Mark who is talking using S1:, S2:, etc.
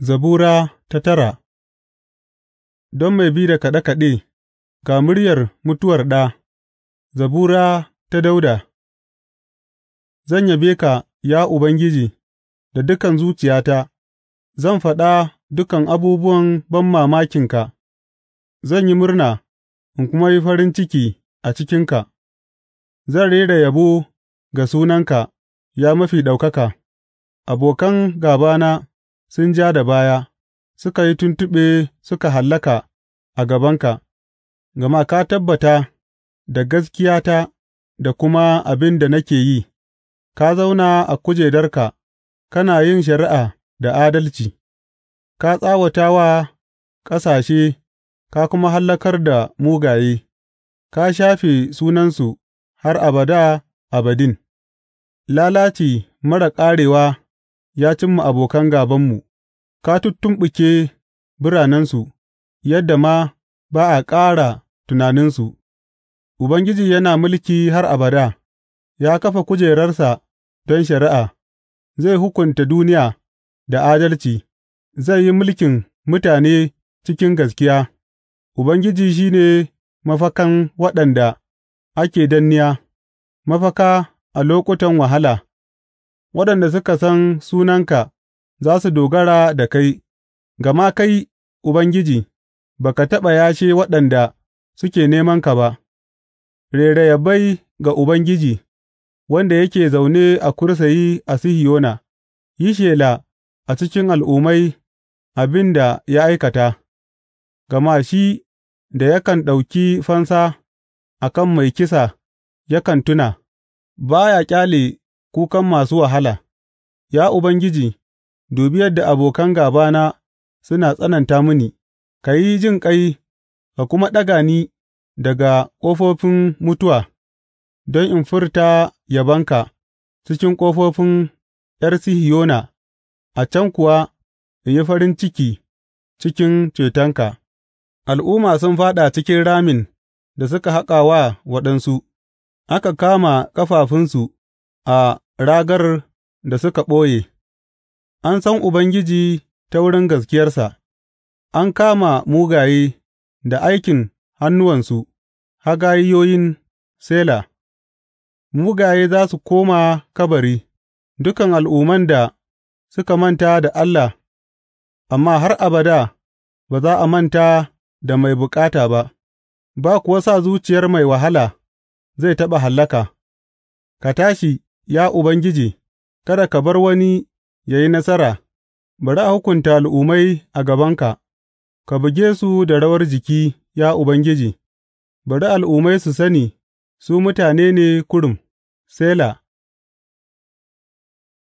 S1: Zabura ta tara Don mai bi da kaɗe kaɗe, ga muryar mutuwar ɗa, zabura ta Dauda. Zan yabe ka, ya Ubangiji, da dukan zuciyata, zan faɗa dukan abubuwan ban banmamakinka; zan yi murna in kuma yi farin ciki a cikinka, zan rera yabo ga sunanka, ya Mafi Ɗaukaka, abokan gābana. sun ja da baya, suka yi tuntuɓe suka hallaka a gabanka, gama ka tabbata da gaskiyata da kuma abin da nake yi, ka zauna a kujerarka, kana yin shari'a da adalci, ka tsawata wa ƙasashe ka kuma hallakar da mugaye, ka shafe sunansu har abada abadin. Lalaci mara ƙarewa ya cimma abokan gābanmu; ka tuttumɓuke biranensu yadda ma ba a ƙara tunaninsu Ubangiji yana mulki har abada; ya kafa kujerarsa don shari'a, zai hukunta duniya da adalci, zai yi mulkin mutane cikin gaskiya Ubangiji shi ne mafakan waɗanda ake danniya, mafaka a lokutan wahala. waɗanda suka san sunanka za su dogara da kai, gama kai, Ubangiji, ba ka taɓa yashe waɗanda suke nemanka ba, rera yabai ga Ubangiji, wanda yake zaune a kursayi a Sihiyona, yi shela a cikin al'ummai abin da ya aikata, gama shi da yakan ɗauki fansa a kan mai kisa yakan tuna, ba ya ƙyale kukan masu wahala; Ya Ubangiji, dubi yadda abokan gābana suna tsananta mini, ka yi jin ƙai ka kuma ɗaga ni daga ƙofofin mutuwa, don in furta yabonka cikin ƙofofin ’yar Sihiyona, a can kuwa in yi farin ciki cikin cetonka; al'umma sun fāɗa cikin ramin da suka haƙa wa waɗansu, aka kama ƙafafunsu. a ragar da suka ɓoye, an san Ubangiji ta wurin gaskiyarsa, an kama mugaye da aikin hannuwansu, hagayoyin Sela, mugaye za su koma kabari, dukan al'umman da suka manta da Allah, amma har abada ba za a manta da mai bukata ba, ba kuwa sa zuciyar mai wahala zai taɓa hallaka, ka tashi. Ya Ubangiji, kada ka bar wani yă yi nasara; bari a hukunta al'ummai a gabanka, ka buge su da rawar jiki, ya Ubangiji; bari al'ummai su sani su mutane ne kurum. Sela